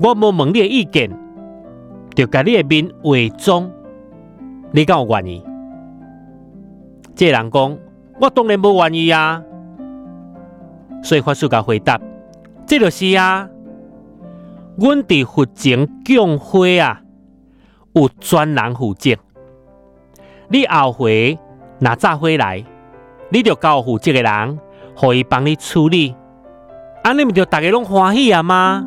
我冇問你嘅意見，就甲你嘅面化妝，你敢有願意？這個人講，我當然無願意啊。所以法師甲回答，這就是啊，阮佇佛前供花啊，有專人負責。你後悔，若早回來，你著甲負責個人，予伊幫你處理，安尼毋著大家攏歡喜啊嘛。”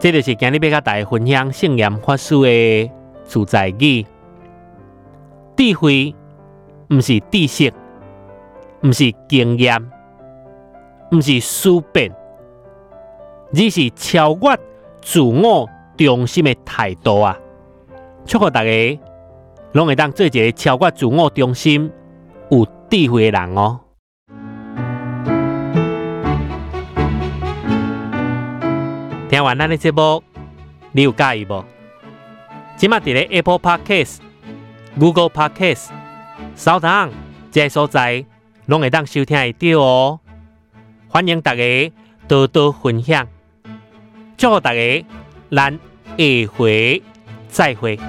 這就是今日要甲大家分享聖嚴法師的自在語。智慧唔是知識，唔是經驗，唔是思辨，而是超越自我中心的態度啊！祝福大家攏會當做一個超越自我中心有智慧的人哦！聽完咱的節目，你有建議冇？現在在 Apple Podcast、Google Podcast、SoundOn 這些所在，攏會當收聽得到哦。歡迎大家多多分享，祝大家，咱下回再會。